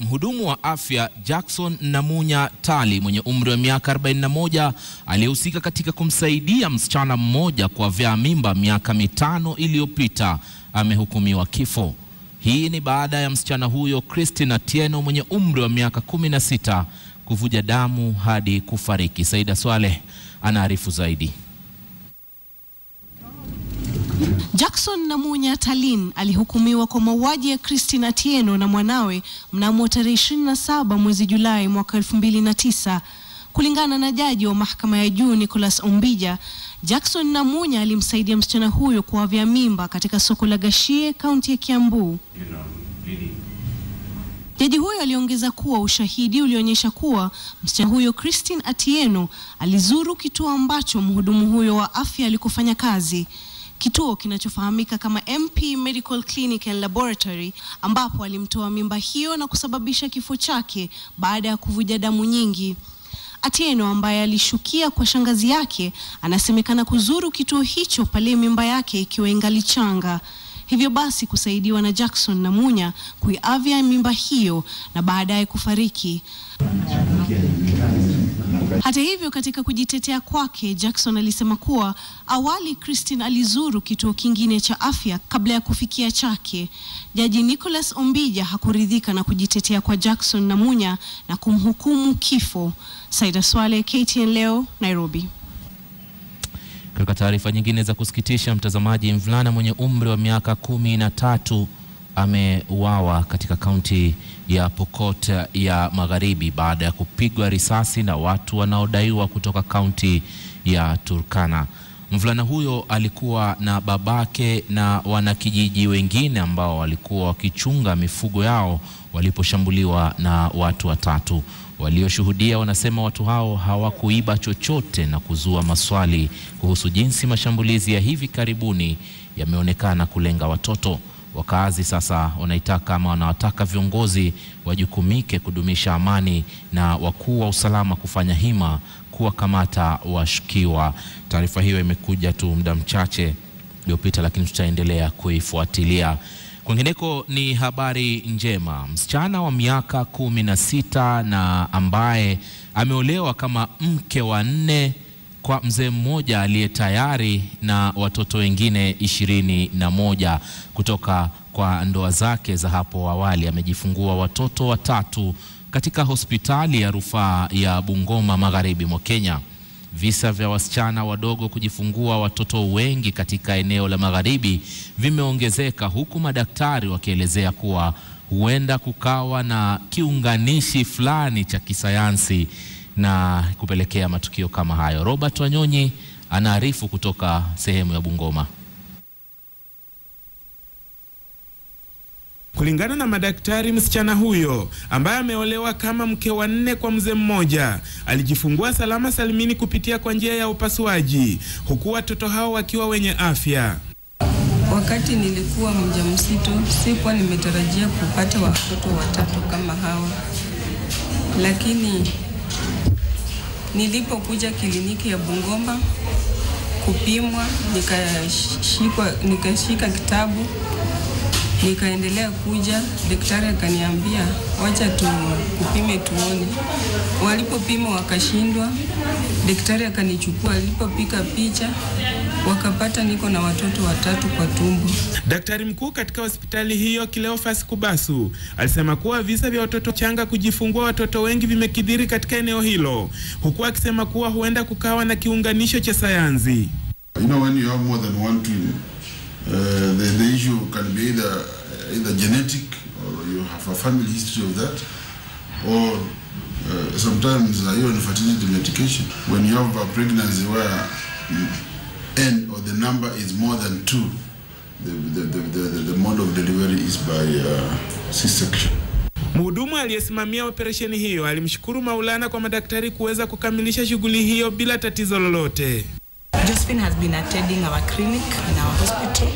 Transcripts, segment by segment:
mhudumu wa afya Jackson Namunya Tali mwenye umri wa miaka 41 aliyehusika katika kumsaidia msichana mmoja kuavyaa mimba miaka mitano iliyopita amehukumiwa kifo. Hii ni baada ya msichana huyo Christina Tieno mwenye umri wa miaka 16 kuvuja damu hadi kufariki. Saida Swaleh anaarifu zaidi. Jackson Namunya Talin alihukumiwa kwa mauaji ya Christina Atieno na mwanawe mnamo tarehe 27 mwezi Julai mwaka 2009. Kulingana na jaji wa mahakama ya juu Nicholas Ombija, Jackson Namunya alimsaidia msichana huyo kuavya mimba katika soko la Gashie, kaunti ya Kiambu. Jaji huyo aliongeza kuwa ushahidi ulionyesha kuwa msichana huyo Christine Atieno alizuru kituo ambacho mhudumu huyo wa afya alikofanya kazi kituo kinachofahamika kama MP Medical Clinic and Laboratory ambapo alimtoa mimba hiyo na kusababisha kifo chake baada ya kuvuja damu nyingi. Atieno ambaye alishukia kwa shangazi yake anasemekana kuzuru kituo hicho pale mimba yake ikiwa ingali changa. Hivyo basi kusaidiwa na Jackson na Munya kuiavya mimba hiyo na baadaye kufariki. Hata hivyo, katika kujitetea kwake, Jackson alisema kuwa awali Christine alizuru kituo kingine cha afya kabla ya kufikia chake. Jaji Nicholas Ombija hakuridhika na kujitetea kwa Jackson Namunya na kumhukumu kifo. Saida Swale, KTN leo, Nairobi. Katika taarifa nyingine za kusikitisha, mtazamaji, mvulana mwenye umri wa miaka kumi na tatu ameuawa katika kaunti ya Pokot ya Magharibi baada ya kupigwa risasi na watu wanaodaiwa kutoka kaunti ya Turkana. Mvulana huyo alikuwa na babake na wanakijiji wengine ambao walikuwa wakichunga mifugo yao waliposhambuliwa na watu watatu. Walioshuhudia wanasema watu hao hawakuiba chochote na kuzua maswali kuhusu jinsi mashambulizi ya hivi karibuni yameonekana kulenga watoto. Wakazi sasa wanaitaka ama wanawataka viongozi wajukumike kudumisha amani na wakuu wa usalama kufanya hima kuwakamata washukiwa. Taarifa hiyo imekuja tu muda mchache uliopita, lakini tutaendelea kuifuatilia. Kwingineko ni habari njema. Msichana wa miaka kumi na sita na ambaye ameolewa kama mke wa nne kwa mzee mmoja aliye tayari na watoto wengine ishirini na moja kutoka kwa ndoa zake za hapo awali. Amejifungua watoto watatu katika hospitali ya rufaa ya Bungoma magharibi mwa Kenya. Visa vya wasichana wadogo kujifungua watoto wengi katika eneo la magharibi vimeongezeka, huku madaktari wakielezea kuwa huenda kukawa na kiunganishi fulani cha kisayansi na kupelekea matukio kama hayo. Robert Wanyonyi anaarifu kutoka sehemu ya Bungoma. Kulingana na madaktari, msichana huyo ambaye ameolewa kama mke wa nne kwa mzee mmoja alijifungua salama salimini kupitia kwa njia ya upasuaji, huku watoto hao wakiwa wenye afya. Wakati nilikuwa mjamzito, sikuwa nimetarajia kupata watoto watatu kama hawa, lakini Nilipokuja kliniki ya Bungoma kupimwa, nikashika, nikashika kitabu Nikaendelea kuja, daktari akaniambia wacha tu kupime tuone. Walipopima wakashindwa, daktari akanichukua, alipopika picha wakapata niko na watoto watatu kwa tumbo. Daktari mkuu katika hospitali hiyo Cleophas Kubasu alisema kuwa visa vya watoto changa kujifungua watoto wengi vimekidhiri katika eneo hilo, huku akisema kuwa huenda kukawa na kiunganisho cha sayansi. You know, when you have more than one twin, Uh, the, the issue can be either, either genetic or you have a family history of that or uh, sometimes uh, even fertility medication. When you have a pregnancy where n or the number is more than two, the, the, the, the, the mode of delivery is by uh, C-section. Mhudumu aliyesimamia operesheni hiyo alimshukuru Maulana kwa madaktari kuweza kukamilisha shughuli hiyo bila tatizo lolote. Josephine has been attending our clinic in our hospital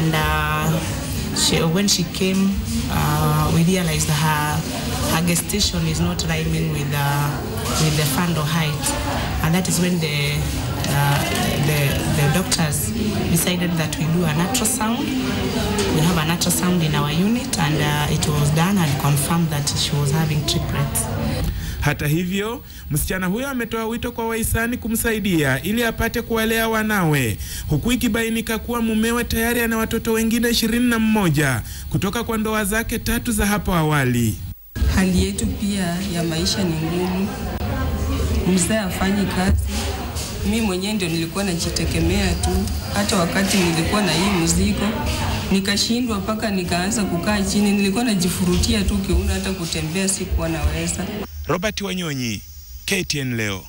and uh, she, when she came, uh, we realized her her gestation is not rhyming with uh, with the fundal height, and that is when the uh, the, the doctors decided that we do an ultrasound. We have an ultrasound in our unit, and uh, it was done and confirmed that she was having triplets. Hata hivyo, msichana huyo ametoa wito kwa wahisani kumsaidia ili apate kuwalea wanawe, huku ikibainika kuwa mumewe tayari ana watoto wengine ishirini na mmoja kutoka kwa ndoa zake tatu za hapo awali. Hali yetu pia ya maisha ni ngumu, mzee afanyi kazi mi mwenyewe ndio nilikuwa najitegemea tu. Hata wakati nilikuwa na hii mzigo nikashindwa, mpaka nikaanza kukaa chini. Nilikuwa najifurutia tu kiuno, hata kutembea sikuwa naweza. Robert Wanyonyi, KTN leo.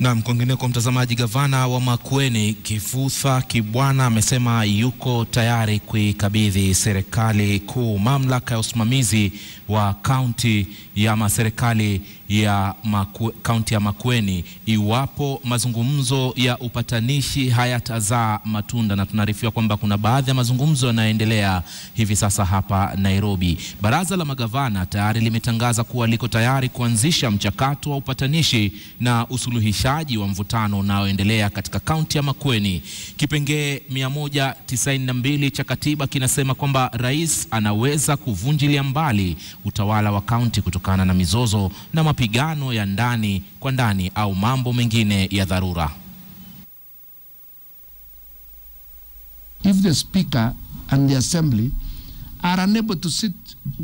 Naam, kwingineko mtazamaji, gavana wa Makueni Kivutha Kibwana amesema yuko tayari kuikabidhi serikali kuu mamlaka ya usimamizi wa kaunti ya maserikali ya maku, kaunti ya Makueni iwapo mazungumzo ya upatanishi hayatazaa matunda, na tunaarifiwa kwamba kuna baadhi ya mazungumzo yanayoendelea hivi sasa hapa Nairobi. Baraza la magavana tayari limetangaza kuwa liko tayari kuanzisha mchakato wa upatanishi na usuluhishaji wa mvutano unaoendelea katika kaunti ya Makueni. Kipengee 192 cha katiba kinasema kwamba rais anaweza kuvunjilia mbali utawala wa kaunti kutokana na mizozo na mapigano ya ndani kwa ndani au mambo mengine ya dharura. If the speaker and the assembly are unable to sit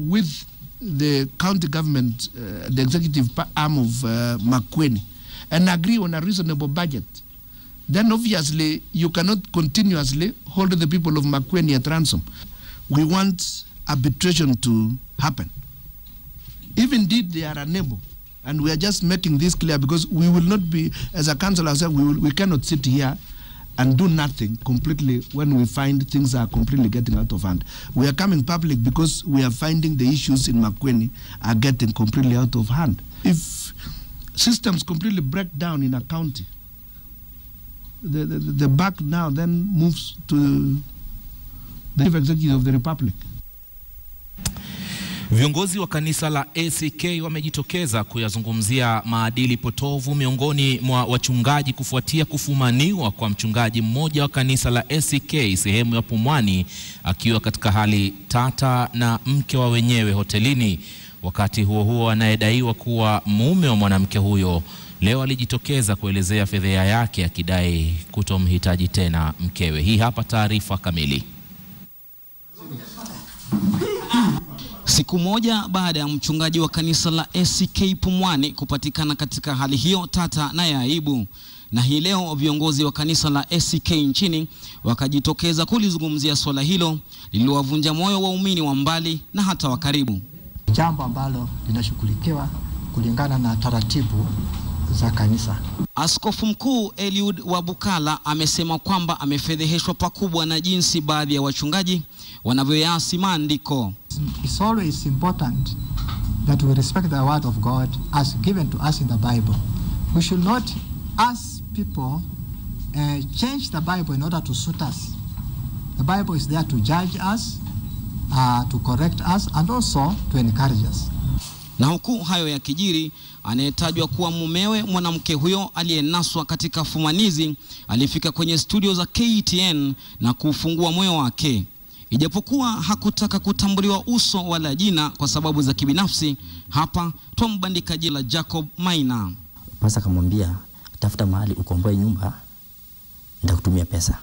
with the county government, uh, the executive arm of uh, Makueni and agree on a reasonable budget, then obviously you cannot continuously hold the people of Makueni at ransom. We want arbitration to happen. If indeed they are unable, and we are just making this clear because we will not be, as a council ourselves, we, will, we cannot sit here and do nothing completely when we find things are completely getting out of hand. We are coming public because we are finding the issues in Makweni are getting completely out of hand. If systems completely break down in a county, the, the, the back now then moves to the chief executive of the republic. Viongozi wa kanisa la ACK wamejitokeza kuyazungumzia maadili potovu miongoni mwa wachungaji kufuatia kufumaniwa kwa mchungaji mmoja wa kanisa la ACK sehemu ya Pumwani akiwa katika hali tata na mke wa wenyewe hotelini. Wakati huo huo, anayedaiwa kuwa mume wa mwanamke huyo leo alijitokeza kuelezea fedheha yake akidai kutomhitaji tena mkewe. Hii hapa taarifa kamili. Siku moja baada ya mchungaji wa kanisa la ACK Pumwani kupatikana katika hali hiyo tata na ya aibu, na hii leo viongozi wa kanisa la ACK nchini wakajitokeza kulizungumzia swala hilo lililowavunja moyo waumini wa mbali na hata wa karibu, jambo ambalo linashughulikiwa kulingana na taratibu za kanisa. Askofu Mkuu Eliud Wabukala amesema kwamba amefedheheshwa pakubwa na jinsi baadhi ya wachungaji wanavyoyasi maandiko it's, always important that we respect the word of God as given to us in the Bible. We should not, ask people, uh, change the Bible in order to suit us. The Bible is there to judge us, uh, to correct us, and also to encourage us. Na huku hayo ya kijiri, anayetajwa kuwa mumewe mwanamke huyo aliyenaswa katika fumanizi alifika kwenye studio za KTN na kufungua moyo wake. Ijapokuwa hakutaka kutambuliwa uso wala jina kwa sababu za kibinafsi, hapa twambandika jina la Jacob Maina. Pasa akamwambia tafuta mahali ukomboe nyumba, nitakutumia pesa.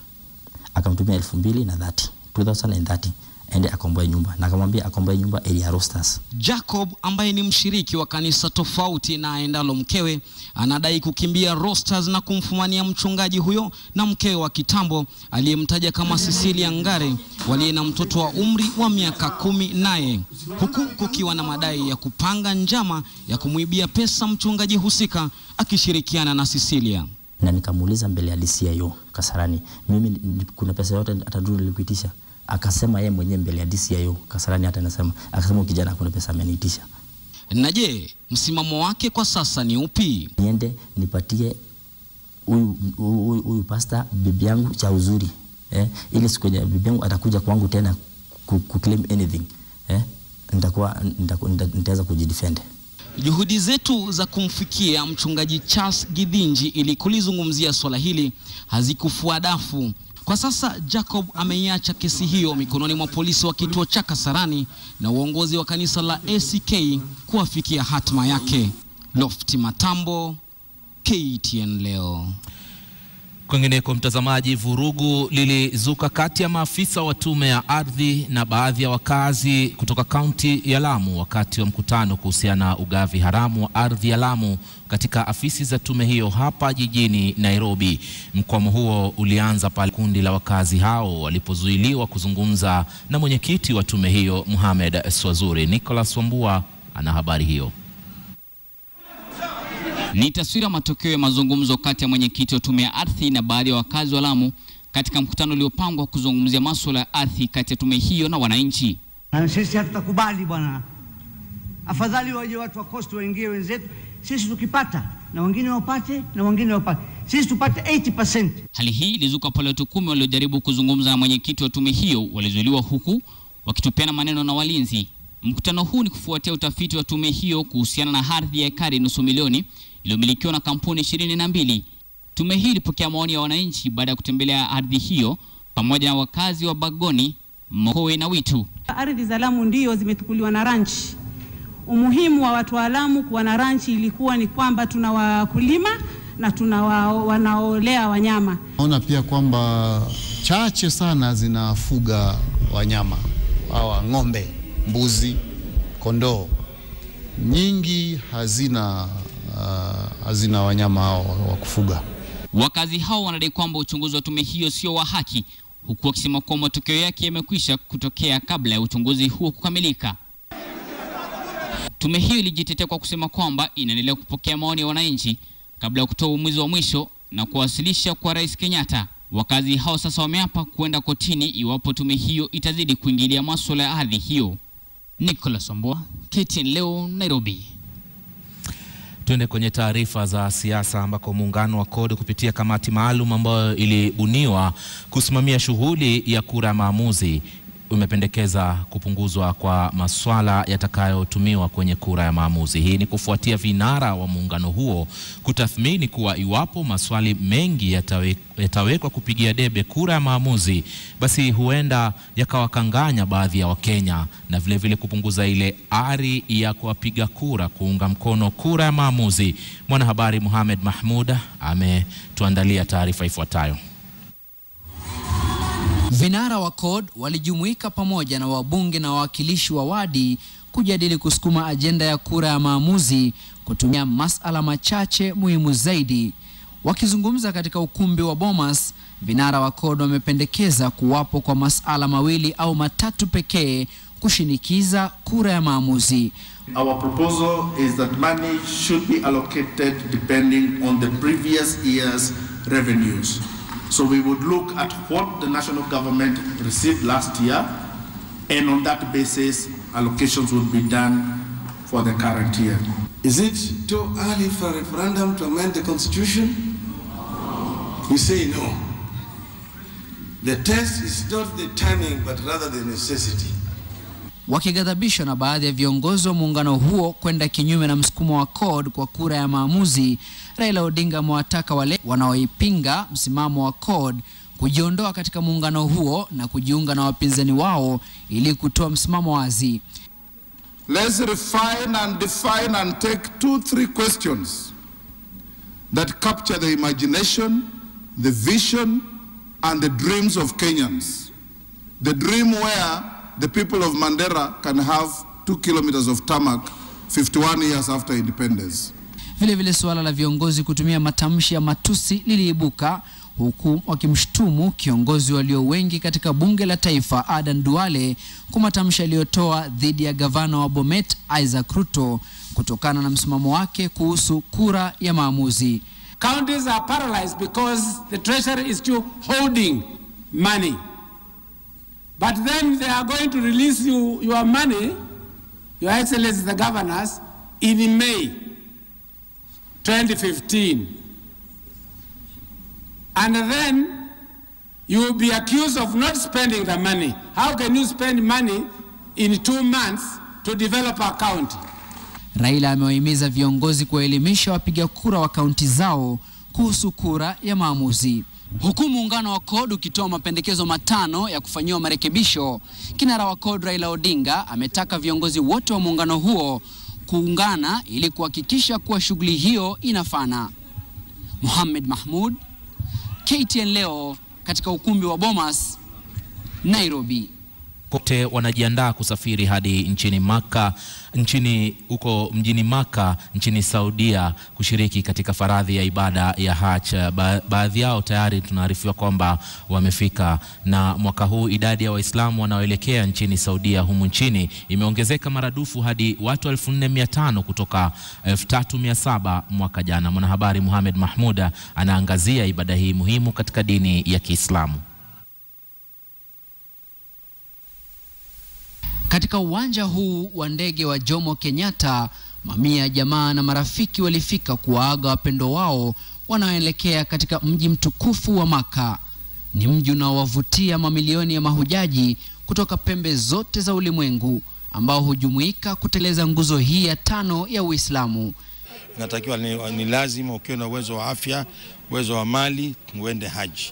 Akamtumia elfu mbili na thelathini, 2030 aende akomboe nyumba, na akamwambia akomboe nyumba ili arostas. Jacob ambaye ni mshiriki wa kanisa tofauti na aendalo mkewe, anadai kukimbia Rostas na kumfumania mchungaji huyo na mkewe wa kitambo aliyemtaja kama Cecilia Ngare, waliye na mtoto wa umri wa miaka kumi naye, huku kukiwa na madai ya kupanga njama ya kumwibia pesa mchungaji husika akishirikiana na Cecilia na nikamuuliza mbele ya DCIO Kasarani, mimi kuna pesa yote ataduru nilikuitisha akasema yeye mwenyewe mbele ya DCIO Kasarani, hata anasema akasema, kijana hakuna pesa ameniitisha. Na je, msimamo wake kwa sasa ni upi? Niende nipatie huyu huyu pasta bibi yangu cha uzuri eh, ili siku ya bibi yangu atakuja kwangu tena claim anything eh, nitakuwa nitaweza kujidefend. Juhudi zetu za kumfikia mchungaji Charles Githinji ili kulizungumzia swala hili hazikufua dafu kwa sasa Jacob ameiacha kesi hiyo mikononi mwa polisi wa kituo cha Kasarani na uongozi wa kanisa la ACK kuwafikia hatima yake. Lofti Matambo, KTN leo. Kwingineko mtazamaji, vurugu lilizuka kati ya maafisa wa tume ya ardhi na baadhi ya wakazi kutoka kaunti ya Lamu wakati wa mkutano kuhusiana na ugavi haramu wa ardhi ya Lamu katika afisi za tume hiyo hapa jijini Nairobi. Mkwamo huo ulianza pale kundi la wakazi hao walipozuiliwa kuzungumza na mwenyekiti wa tume hiyo Mohamed Swazuri. Nicholas Wambua ana habari hiyo. Ni taswira matokeo ya mazungumzo kati ya mwenyekiti wa tume ya ardhi na baadhi ya wakazi wa Lamu katika mkutano uliopangwa kuzungumzia masuala ya ardhi kati ya tume hiyo na wananchi. Na sisi hatutakubali bwana, afadhali waje watu wa coast waingie wenzetu, sisi tukipata na wengine wapate na wengine wapate, sisi tupate 80%. Hali hii ilizuka pale watu kumi waliojaribu kuzungumza na mwenyekiti wa tume hiyo walizuiliwa huku wakitupiana maneno na walinzi. Mkutano huu ni kufuatia utafiti wa tume hiyo kuhusiana na ardhi ya ekari nusu milioni iliyomilikiwa na kampuni ishirini na mbili. Tume hii ilipokea maoni ya wananchi baada ya kutembelea ardhi hiyo pamoja na wakazi wa Bagoni, Mokowe na Witu. Ardhi za Lamu ndio zimetukuliwa na ranchi. Umuhimu wa watu wa Lamu kuwa na ranchi ilikuwa ni kwamba tuna wakulima na tuna wa, wanaolea wanyama. Naona pia kwamba chache sana zinafuga wanyama hawa ng'ombe, mbuzi, kondoo, nyingi hazina Ah, hazina wanyama hao wa kufuga. Wakazi hao wanadai kwamba uchunguzi wa tume hiyo sio wa haki, huku wakisema kuwa matokeo yake yamekwisha kutokea kabla ya uchunguzi huo kukamilika. Tume hiyo ilijitetea kwa kusema kwamba inaendelea kupokea maoni ya wananchi kabla ya kutoa uamuzi wa mwisho na kuwasilisha kwa Rais Kenyatta. Wakazi hao sasa wameapa kwenda kotini iwapo tume hiyo itazidi kuingilia masuala ya ardhi hiyo. Nicholas Wambua, KTN leo, Nairobi. Tuende kwenye taarifa za siasa ambako muungano wa CORD kupitia kamati maalum ambayo ilibuniwa kusimamia shughuli ya kura ya maamuzi umependekeza kupunguzwa kwa maswala yatakayotumiwa kwenye kura ya maamuzi. Hii ni kufuatia vinara wa muungano huo kutathmini kuwa iwapo maswali mengi yatawekwa kupigia debe kura ya maamuzi, basi huenda yakawakanganya baadhi ya Wakenya na vilevile vile kupunguza ile ari ya kuwapiga kura kuunga mkono kura ya maamuzi. Mwanahabari Mohamed Mahmud ametuandalia taarifa ifuatayo. Vinara wa CORD walijumuika pamoja na wabunge na wawakilishi wa wadi kujadili kusukuma ajenda ya kura ya maamuzi kutumia masala machache muhimu zaidi. Wakizungumza katika ukumbi wa Bomas, vinara wa CORD wamependekeza kuwapo kwa masala mawili au matatu pekee kushinikiza kura ya maamuzi. Our proposal is that money should be allocated depending on the previous year's revenues. So we would look at what the national government received last year, and on that basis, allocations would be done for the current year. Is it too early for a referendum to amend the constitution? We say no. The test is not the timing, but rather the necessity. wakighadhabishwa na baadhi ya viongozi wa muungano huo kwenda kinyume na msukumo wa CORD kwa kura ya maamuzi. Raila Odinga amewataka wale wanaoipinga msimamo wa CORD kujiondoa katika muungano huo na kujiunga na wapinzani wao ili kutoa msimamo wazi. Let's refine and define and take two three questions that capture the imagination, the vision and the dreams of Kenyans. The dream where the people of Mandera can have two kilometers of tarmac 51 years after independence. Vile vile suala la viongozi kutumia matamshi ya matusi liliibuka huku wakimshtumu kiongozi walio wengi katika bunge la taifa Adan Duale kwa matamshi aliyotoa dhidi ya gavana wa Bomet Isaac Ruto kutokana na msimamo wake kuhusu kura ya maamuzi. Counties are paralyzed because the treasury is still holding money. But then they are going to release you your money, Your Excellency the governors, in May 2015. And then you will be accused of not spending the money. How can you spend money in two months to develop a county? Raila amewahimiza viongozi kuwaelimisha wapiga kura wa kaunti zao kuhusu kura ya maamuzi. Huku muungano wa CORD ukitoa mapendekezo matano ya kufanyiwa marekebisho, kinara wa CORD Raila Odinga ametaka viongozi wote wa muungano huo kuungana ili kuhakikisha kuwa shughuli hiyo inafana. Mohamed Mahmud, KTN leo katika ukumbi wa Bomas, Nairobi kote wanajiandaa kusafiri hadi nchini Maka nchini huko mjini Maka nchini Saudia kushiriki katika faradhi ya ibada ya Hajj. Ba, baadhi yao tayari tunaarifiwa kwamba wamefika, na mwaka huu idadi ya Waislamu wanaoelekea nchini Saudia humu nchini imeongezeka maradufu hadi watu 4500 kutoka 3700 mwaka jana. Mwanahabari Muhamed Mahmuda anaangazia ibada hii muhimu katika dini ya Kiislamu. Katika uwanja huu wa ndege wa Jomo Kenyatta, mamia ya jamaa na marafiki walifika kuwaaga wapendo wao wanaoelekea katika mji mtukufu wa Maka. Ni mji unaowavutia mamilioni ya mahujaji kutoka pembe zote za ulimwengu ambao hujumuika kuteleza nguzo hii ya tano ya Uislamu. Inatakiwa ni, ni lazima ukiwa na uwezo wa afya, uwezo wa mali, uende haji.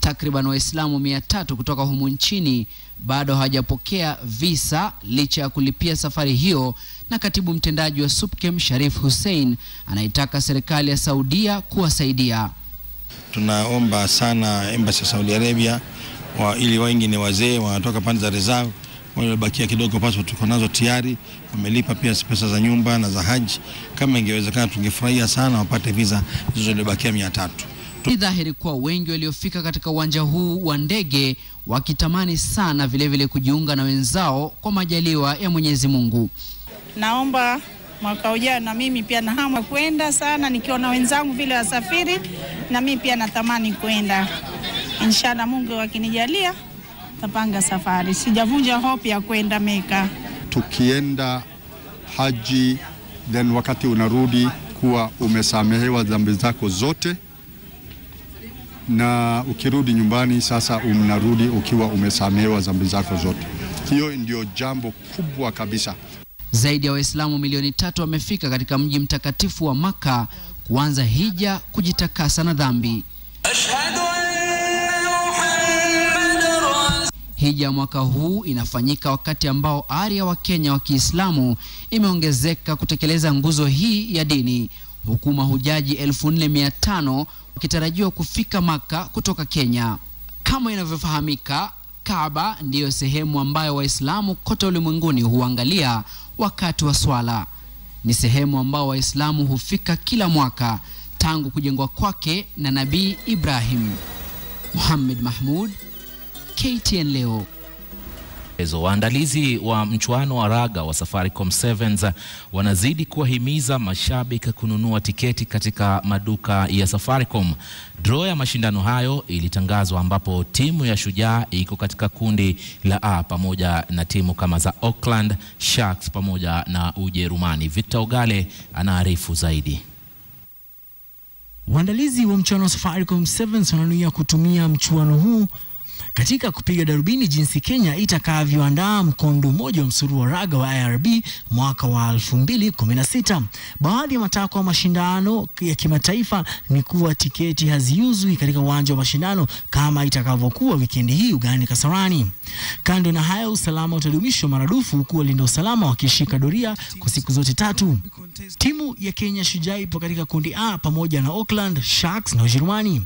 Takriban Waislamu mia tatu kutoka humu nchini bado hawajapokea visa licha ya kulipia safari hiyo, na katibu mtendaji wa SUPKEM Sharif Hussein anaitaka serikali ya Saudia kuwasaidia. Tunaomba sana embassy ya Saudi Arabia wa, ili wengi ni wazee wanatoka pande za reserve waliobakia kidogo, passport tuko nazo tayari, wamelipa pia pesa za nyumba na za haji. Kama ingewezekana, tungefurahia sana wapate visa zilizobakia mia tatu. Ni dhahiri kuwa wengi waliofika katika uwanja huu wa ndege wakitamani sana vilevile vile kujiunga na wenzao kwa majaliwa ya Mwenyezi Mungu. Naomba mwaka ujao na mimi pia na hamu kwenda sana, nikiona wenzangu vile wasafiri, na mimi pia natamani kwenda. Inshallah, Mungu akinijalia tapanga safari, sijavunja hope ya kwenda Meka. Tukienda haji then wakati unarudi kuwa umesamehewa dhambi zako zote na ukirudi nyumbani sasa unarudi ukiwa umesamewa zambi zako zote. Hiyo ndio jambo kubwa kabisa. Zaidi ya Waislamu milioni tatu wamefika katika mji mtakatifu wa Maka kuanza hija kujitakasa na dhambi. Hija mwaka huu inafanyika wakati ambao ari ya Wakenya wa Kiislamu imeongezeka kutekeleza nguzo hii ya dini huku mahujaji tano wakitarajiwa kufika Maka kutoka Kenya. Kama inavyofahamika, Kaaba ndiyo sehemu ambayo Waislamu kote ulimwenguni huangalia wakati wa swala. Ni sehemu ambao Waislamu hufika kila mwaka tangu kujengwa kwake na Nabii Ibrahim. Muhammad Mahmud, KTN Leo michezo. Waandalizi wa mchuano wa raga wa Safaricom Sevens wanazidi kuwahimiza mashabiki kununua tiketi katika maduka ya Safaricom. Draw ya mashindano hayo ilitangazwa ambapo timu ya Shujaa iko katika kundi la A pamoja na timu kama za Auckland Sharks pamoja na Ujerumani. Victor Ogale anaarifu zaidi. Waandalizi wa mchuano wa Safaricom Sevens wananuia kutumia mchuano huu katika kupiga darubini jinsi Kenya itakavyoandaa mkondo mmoja wa msururu wa raga wa IRB mwaka wa 2016. Baadhi ya matakwa ya mashindano ya kimataifa ni kuwa tiketi haziuzwi katika uwanja wa mashindano kama itakavyokuwa wikendi hii Ugani Kasarani. Kando na hayo, usalama utadumishwa maradufu huku walinda usalama wakishika doria kwa siku zote tatu. Timu ya Kenya Shujaa ipo katika kundi A pamoja na Auckland Sharks na Ujerumani.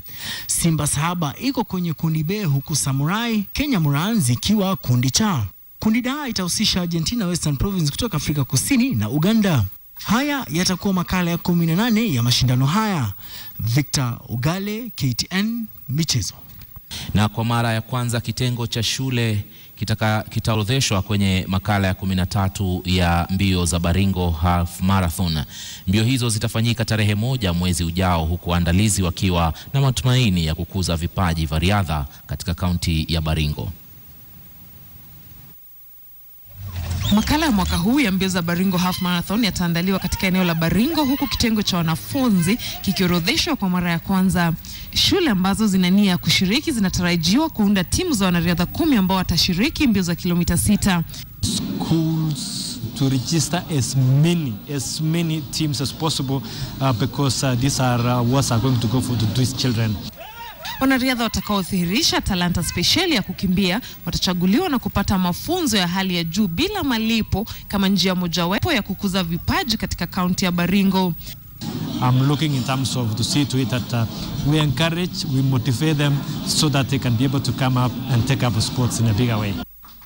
Simba Sahaba iko kwenye kundi B huku Samoa Samurai, Kenya Morans ikiwa kundi cha. Kundi da itahusisha Argentina, Western Province kutoka Afrika Kusini na Uganda. Haya yatakuwa makala ya 18 ya mashindano haya. Victor Ugale, KTN Michezo. Na kwa mara ya kwanza kitengo cha shule kitaorodheshwa kita kwenye makala ya 13 ya mbio za Baringo Half Marathon. Mbio hizo zitafanyika tarehe moja mwezi ujao, huku waandalizi wakiwa na matumaini ya kukuza vipaji vya riadha katika kaunti ya Baringo. Makala ya mwaka huu ya mbio za Baringo Half Marathon yataandaliwa katika eneo la Baringo huku kitengo cha wanafunzi kikiorodheshwa kwa mara ya kwanza. Shule ambazo zina nia ya kushiriki zinatarajiwa kuunda timu za wanariadha kumi ambao watashiriki mbio za kilomita sita. Schools to register as many as many teams as possible uh, because uh, these are uh, what are going to go for to these children. Wanariadha watakaodhihirisha talanta spesheli ya kukimbia watachaguliwa na kupata mafunzo ya hali ya juu bila malipo kama njia mojawapo ya kukuza vipaji katika kaunti ya Baringo. I'm looking in terms of to see to it that uh, we encourage, we motivate them so that they can be able to come up and take up sports in a bigger way.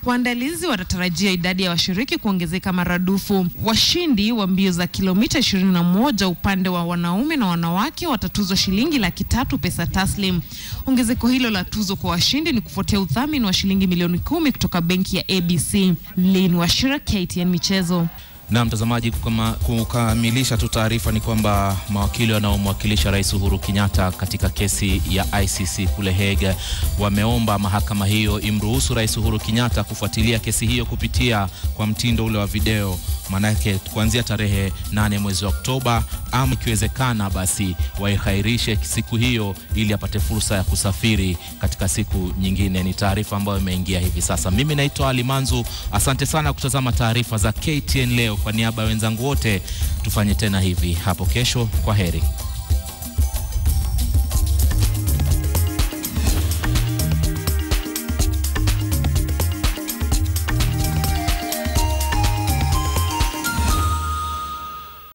Waandalizi wanatarajia idadi ya washiriki kuongezeka maradufu. Washindi wa mbio za kilomita 21 upande wa wanaume na wanawake watatuzwa shilingi laki tatu pesa taslim. Ongezeko hilo la tuzo kwa washindi ni kufuatia udhamini wa shilingi milioni kumi kutoka benki ya ABC. Lin Washira, KTN Michezo. Na mtazamaji, kukamilisha tu taarifa ni kwamba mawakili wanaomwakilisha Rais Uhuru Kenyatta katika kesi ya ICC kule Hague wameomba mahakama hiyo imruhusu Rais Uhuru Kenyatta kufuatilia kesi hiyo kupitia kwa mtindo ule wa video, maanake kuanzia tarehe 8 mwezi wa Oktoba, ama ikiwezekana basi waihairishe siku hiyo ili apate fursa ya kusafiri katika siku nyingine. Ni taarifa ambayo imeingia hivi sasa. Mimi naitwa Ali Manzu, asante sana kutazama taarifa za KTN leo leo. Kwa niaba ya wenzangu wote, tufanye tena hivi hapo kesho. Kwa heri.